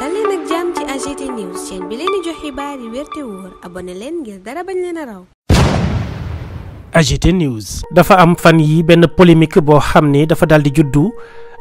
dal leen ak jàmm ci AGT news chaîne bi leen di jox xibaar yi wér wóor abonné leen ngir dara bañ leen a raw. AGT news. dafa am fan yi benn polémique boo xam ne dafa daal di juddu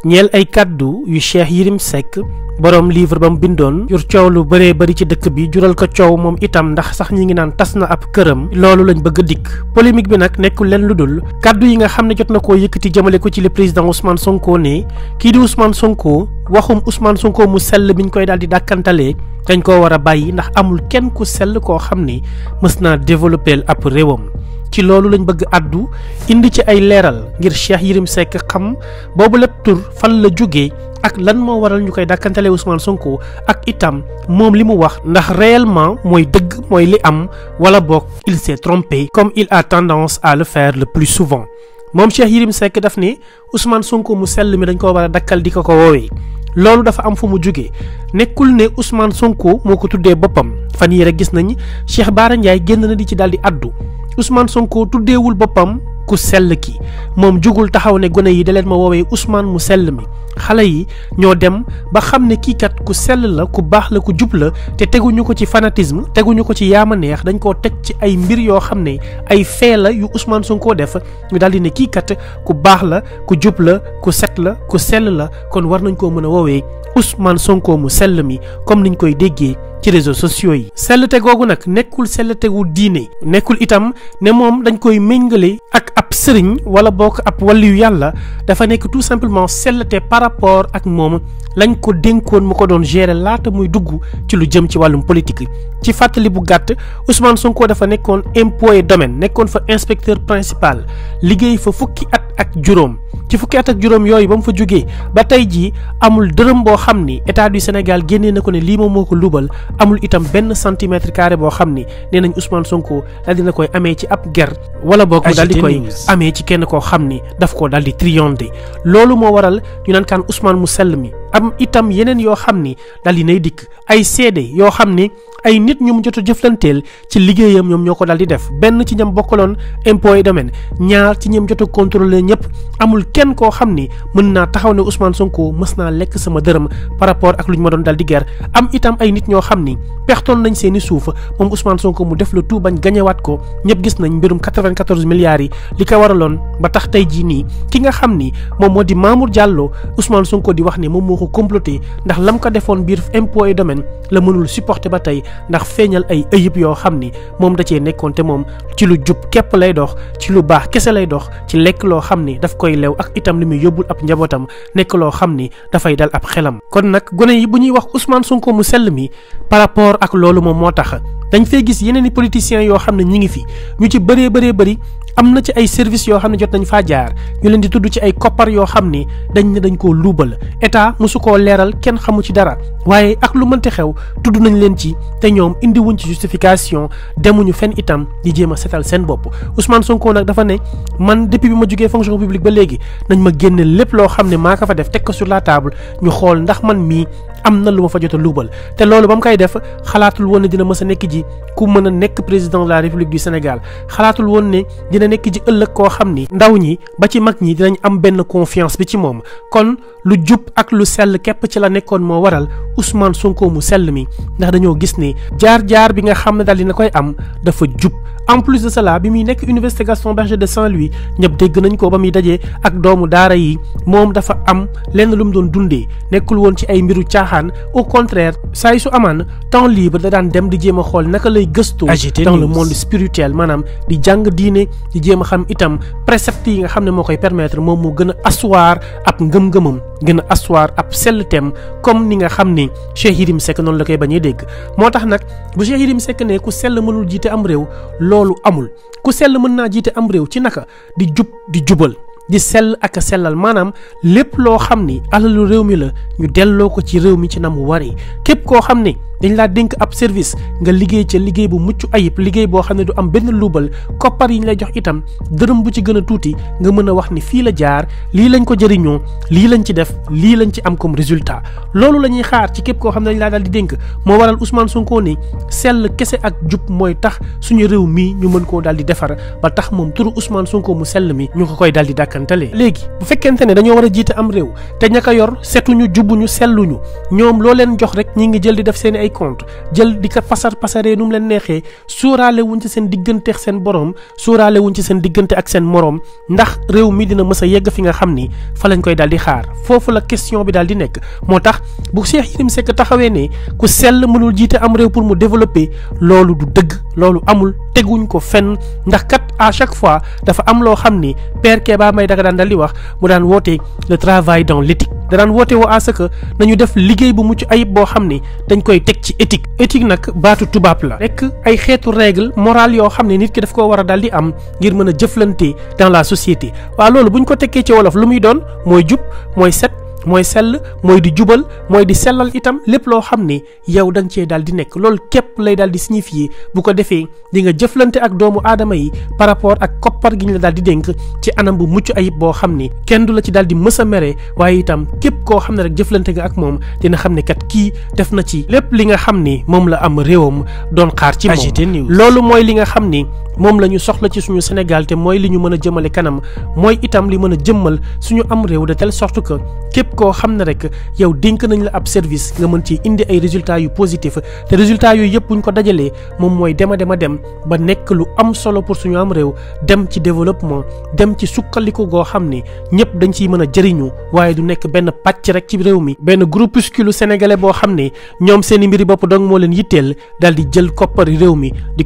ñeel ay kàddu yu Cheikh Yérim Seck. boroom livre ba mu bindoon jur coow lu bëree bari ci dëkk bi jural ko coow moom itam ndax sax ñi ngi naan tas na ab këram loolu lañ bëgg a dikk polémique bi nag nekkul leen lu dul kàddu yi nga xam ne jot na koo yëkkati jëmale ko ci le président Ousmane Sonko ne kii di Ousmane Sonko waxum Ousmane Sonko mu sell bi ñu koy daal di dàkkantalee dañ koo war a bàyyi ndax amul kenn ku sell koo xam ni mës naa développer ab réewam ci loolu lañ bëgg àddu indi ci ay leeral ngir Cheikh Yérim sekk xam boobu lépp tur fan la jógee ak lan moo waral ñu koy dàkkantale Ousmane sunkoo ak itam moom li mu wax ndax réellement mooy dëgg mooy li am wala boog il s'est trompé comme il a tendance à le faire le plus souvent moom Cheikh Yérim Seck daf ne Ousmane Sonko mu sell mi dañ ko war a dakkal di ko ko woowee loolu dafa am fu mu jógee nekkul ne Ousmane Sonko moo ko tuddee boppam fan yére gis nañ Cheikh Bara Ndiaye génn na di ci daal di addu Ousmane Sonko tuddeewul boppam ku sell ki moom jógul taxaw ne gone yi da leen ma woowee Ousmane mu sell mi xale yi ñoo dem ba xam ne kii kat ku sell la ku baax la ku jub la te teguñu ko ci fanatisme teguñu ko ci yaama neex dañ koo teg ci ay mbir yoo xam ne ay fee la yu Ousmane Sonko def ñu daal di ne kii kat ku baax la ku jub la ku set la ku sell la kon war nañ koo mën a woowee Ousmane Sonko mu sell mi comme niñ koy déggee ci réseaux sociaux yi sellte googu nag nekkul sellte wu diine nekkul itam ne moom dañ koy méngale ak sëriñ wala bokk ab waliyu yàlla dafa nekk tout simplement selleté par rapport ak moom lañ ko dénkoon mu ko doon gérer laata muy dugg ci lu jëm ci wàllum politique ci fàttali bu gàtt Ousmane Sonko dafa nekkoon impôt et domaine nekkoon fa inspecteur principal liggéey fa fukki at ak juróom ci fukki at ak juróom yooyu ba mu fa jógee ba tey jii amul dërëm boo xam ni état du Sénégal génnee na ko ne lii moom moo ko luubal amul itam benn centimètre carré boo xam ne nee nañ usmaan Sonko daal dina koy amee ci ab ger wala boog mu daal di koy amee ci kenn koo xam ni daf ko daal di trionde loolu moo waral ñu naan kaan usmaan mu sell mi am itam yeneen yoo xam ni dal di nay dikk ay seede yoo xam ni ay nit ñu mu jot a jëflanteel ci liggéeyam ñoom ñoo ko dal di def benn ci ñam bokkaloon impôt et domaine ñaar ci ñam jot a contrôlé ñëpp amul kenn koo xam ni mën naa taxaw ne Ousmane Sonko mës naa lekk sama dërëm par rapport ak lu ñu ma doon dal di ger am itam ay nit ñoo xam ni pertoon nañ seeni suuf moom Ousmane Sonko mu def la tout bañ gañewaat ko ñëpp gis nañ mbirum 94 milliards yi li ko waraloon ba tax tey jii nii ki nga xam ni moom moo di Mamour Diallo Ousmane Sonko di wax ne moom waxu complot yi ndax lam ko defoon biir impôt et domaine la mënul supporter ba tey ndax feeñal ay ëyib yoo xam ni moom da cee nekkoon te moom ci lu jub képp lay dox ci lu baax kese lay dox ci lekk loo xam ni daf koy lew ak itam li muy yóbbul ab njabootam nekk loo xam ni dafay dal ab xelam kon nag gone yi bu ñuy wax Ousmane Sonko mu sell mi par rapport ak loolu moom moo tax dañ fee gis yeneen i politiciens yoo xam ne ñi ngi fi ñu ci bëree bëree bëri am na ci ay services yoo xam ne jot nañu faa jaar ñu leen di tudd ci ay koppar yoo xam ne dañ ne dañ koo luubal état mosu koo leeral kenn xamu ci dara waaye ak lu mënti xew tudd nañ leen ci te ñoom indi wuñ ci justification demuñu fenn itam di jéem a setal seen bopp Ousmane Sonko nag dafa ne man depuis bi ma jógee fonction publique ba léegi nañ ma génne lépp loo xam ne maa ko fa def teg ko sur table ñu xool ndax man mii am na lu ma fa jot a luubal te loolu ba mu koy def xalaatul woon ne dina mës a nekk ji ku mën a nekk président de la république du Sénégal xalaatul woon ne dina nekk ji ëllëg koo xam ni ndaw ñi ba ci mag ñi dinañ am benn confiance bi ci moom kon lu jub ak lu sell képp ci la nekkoon moo waral Ousmane Sonko mu sell mi ndax dañoo gis ni jaar-jaar bi nga xam ne daal dina koy am dafa jub en plus de cela bi muy nekk Université Gaston Berger de Saint-Louis ñëpp dégg nañ ko ba muy dajee ak doomu daara yi moom dafa am lenn lu mu doon dundee nekkul woon ci ay mbiru caaxaan au contraire saa su amaan temps libre da daan dem di jéem a xool naka lay gëstoo dans le monde spirituel maanaam di jàng diine di jéem a xam itam préceptes yi nga xam ne moo koy permettre moom mu gën a asseoir ab ngëm-ngëmam gën a asseoir ab selluteem comme ni nga xam ni Cheikh Yérim sekk noonu la koy bañee dégg moo tax nag bu Cheikh Yérim sekk ne ku sell mënul jiite am réew loolu amul ku sell mën naa jiite am réew ci naka di jub di jubal di sell ak a sellal maanaam lépp loo xam ni alalu réew mi la ñu delloo ko ci réew mi ci na mu waree képp koo xam ne dañ laa dénk ab service nga liggéey ca liggéey bu mucc ayib liggéey boo xam ne du am benn luubal koppar yi ñu lay jox itam dërëm bu ci gën a tuuti nga mën a wax ni fii la jaar lii lañ ko jëriñoo lii lañ ci def lii lañ ci am comme résultat loolu la ñuy xaar ci képp koo xam ne dañ laa daal di dénk moo waral Ousmane Sonko ni sell kese ak jub mooy tax suñu réew mii ñu mën koo daal di defar ba tax moom turu Ousmane Sonko mu sell mi ñu ko koy daal di dàkk dàkkantalee léegi bu fekkente ne dañoo war a jiite am réew te ña ko yor setuñu ñu selluñu ñoom loo leen jox rek ñi ngi jël di def seen ay compte jël di ko pasar pasaree nu mu leen neexee sóoraale wuñ ci seen diggante ak seen borom sóoraale wuñ ci seen diggante ak seen moroom ndax réew mi dina mës a yegg fi nga xam ni fa lañ koy daal di xaar foofu la question bi daal di nekk moo tax bu Cheikh Yérim sekk taxawee ne ku sell mënul jiite am réew pour mu développer loolu du dëgg loolu amul teguñ ko fenn ndax kat à chaque fois dafa am loo xam ni Père Keba may daga daan dal di wax mu daan woote le travail dans l'éthique da daan woote woo à ce que nañu def liggéey bu mucc ayib boo xam ni dañ koy teg ci éthique éthique nag baatu tubaab la rekk ay xeetu règle morale yoo xam ne nit ki daf ko war a daal di am ngir mën a jëflante dans la société waaw loolu buñ ko tegee ci wolof lu muy doon mooy jub mooy set mooy sell mooy di jubal mooy di sellal itam lépp loo xam ne yow da cee daal di nekk loolu képp lay daal di signifier bu ko defee di nga jëflante ak doomu aadama yi par rapport ak koppar gi ñu la daal di dénk ci anam bu mucc ayib boo xam ne kenn du la ci daal di mës a mere waaye itam képp koo xam ne rek jëflante nga ak moom dina xam ne kat kii def na ci lépp li nga xam ni moom la am réewam doon xaar ci moom loolu mooy li nga xam ni moom la ñu soxla ci suñu Sénégal te mooy li ñu mën a jëmale kanam mooy itam li mën a jëmmal suñu am réew de telle sorte que képp koo xam ne rek yow dink nañ la ab service nga mën ci indi ay résultats yu positif te résultat yooyu yëpp ñu ko dajalee moom mooy dema dema dem ba nekk lu am solo pour suñu am réew dem ci développement dem ci sukkaliku goo xam ne ñëpp dañ ciy mën a jëriñu waaye du nekk benn pàcc rek ci réew mi benn groupuscule sénégalais boo xam ne ñoom seen mbiri bopp dong moo leen yitteel daal di jël koppari réew mi di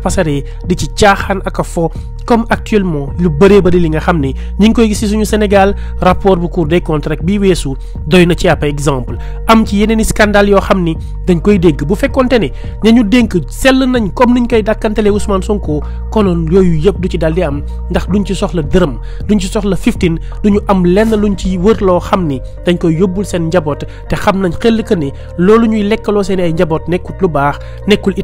pasar di ci caaxaan ak a fo comme actuellement lu bëree bëri li nga xam ni ñu ngi koy gis ci suñu Sénégal rapport bu Cour des comptes rek bii weesu doy na ci ab exemple am ci yeneen i scandale yoo xam ni dañ koy dégg bu fekkonte ne ña ñu dénk sell nañ comme niñ koy dàkkantelee Ousmane Sonko konoon yooyu yëpp du ci daal di am ndax duñ ci soxla dërëm duñ ci soxla fifteen duñu am lenn luñ ci wër loo xam ni dañ koy yóbbul seen njaboot te xam nañ xel que ni loolu ñuy lekkaloo seen ay njaboot nekkut lu baax nekkul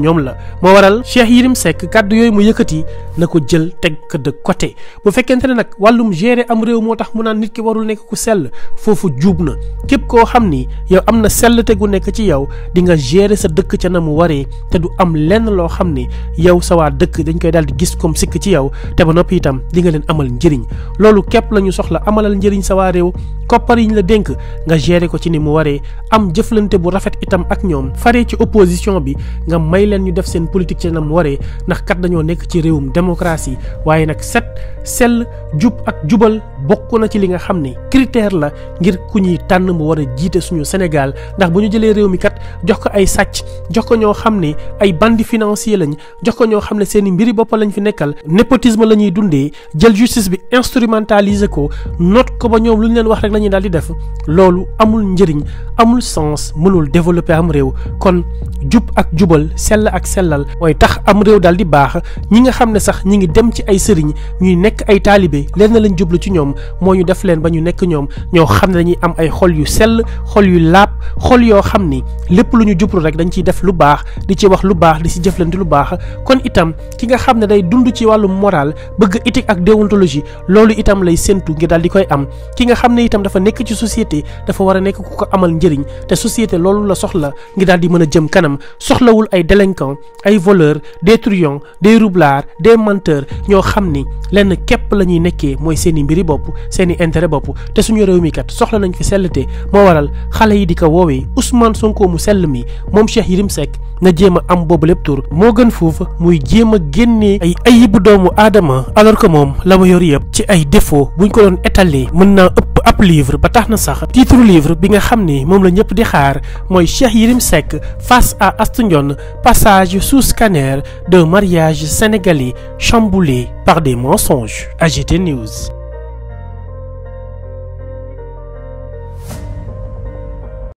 ñoom la moo waral Cheikh Yérim Seck kàddu yooyu mu yëkkati na ko jël teg ko de côté bu fekkente ne nag wàllum gérer am réew moo tax mu naan nit ki warul nekk ku sell foofu juub na képp koo xam ni yow am na sellte gu nekk ci yow di nga gérer sa dëkk ca na mu waree te du am lenn loo xam ni yow sa waa dëkk dañ koy daal di gis comme sikk ci yow te ba noppi itam di nga leen amal njëriñ loolu képp la ñu soxla amalal njëriñ sawaa réew koppar yi ñu la denk nga gérer ko ci ni mu waree am jëflante bu rafet itam ak ñoom faree ci opposition bi nga may leen ñu def seen politique ca mu waree ndax dañoo nekk ci réewum démocratie démocratie waaye nag set sell jub ak jubal bokk na ci li nga xam ne critère la ngir ku ñuy tànn mu war a jiite suñu Sénégal ndax bu ñu jëlee réew mi kat jox ko ay sàcc jox ko ñoo xam ne ay bandi financier lañ jox ko ñoo xam ne seen i mbiri bopp lañ fi nekkal népotisme la ñuy dundee jël justice bi instrumentaliser ko noot ko ba ñoom lu ñu leen wax rek lañuy ñuy daal di def loolu amul njëriñ amul sens mënul développer am réew kon jub ak jubal sell ak sellal mooy tax am réew nekk ay taalibe leen na lañ jublu ci ñoom moo ñu def leen ba ñu nekk ñoom ñoo xam ne dañuy am ay xol yu sell xol yu laab xol yoo xam ni lépp lu ñu jublu rek dañ ciy def lu baax di ci wax lu baax di si jëflante lu baax kon itam ki nga xam ne day dund ci wàllu moral bëgg éthique ak déontologie loolu itam lay séntu ngir daal di koy am ki nga xam ne itam dafa nekk ci société dafa war a nekk ku ko amal njëriñ te société loolu la soxla ngir daal di mën a jëm kanam soxlawul ay délinquants ay voleurs des truands képp la ñuy nekkee mooy seen i mbiri bopp seeni i intérêt bopp te suñu réew mi kat soxla nañ fi sellte moo waral xale yi di ko woowee Ousmane Sonko mu sell mi moom Cheikh Yérim sekk nga jéem am boobu lépp tur moo gën foofu muy jéem a génnee ay ayibu doomu aadama alors que moom la ma yor yëpp ci ay défaut buñ ko doon étaler mën na ëpp ab livre ba tax na sax titre livre bi nga xam ni moom la ñëpp di xaar mooy Cheikh Yérim Seck face à Astou Ndione passage sous scanner d'un mariage sénégalais chamboulé par des mensonges AGT News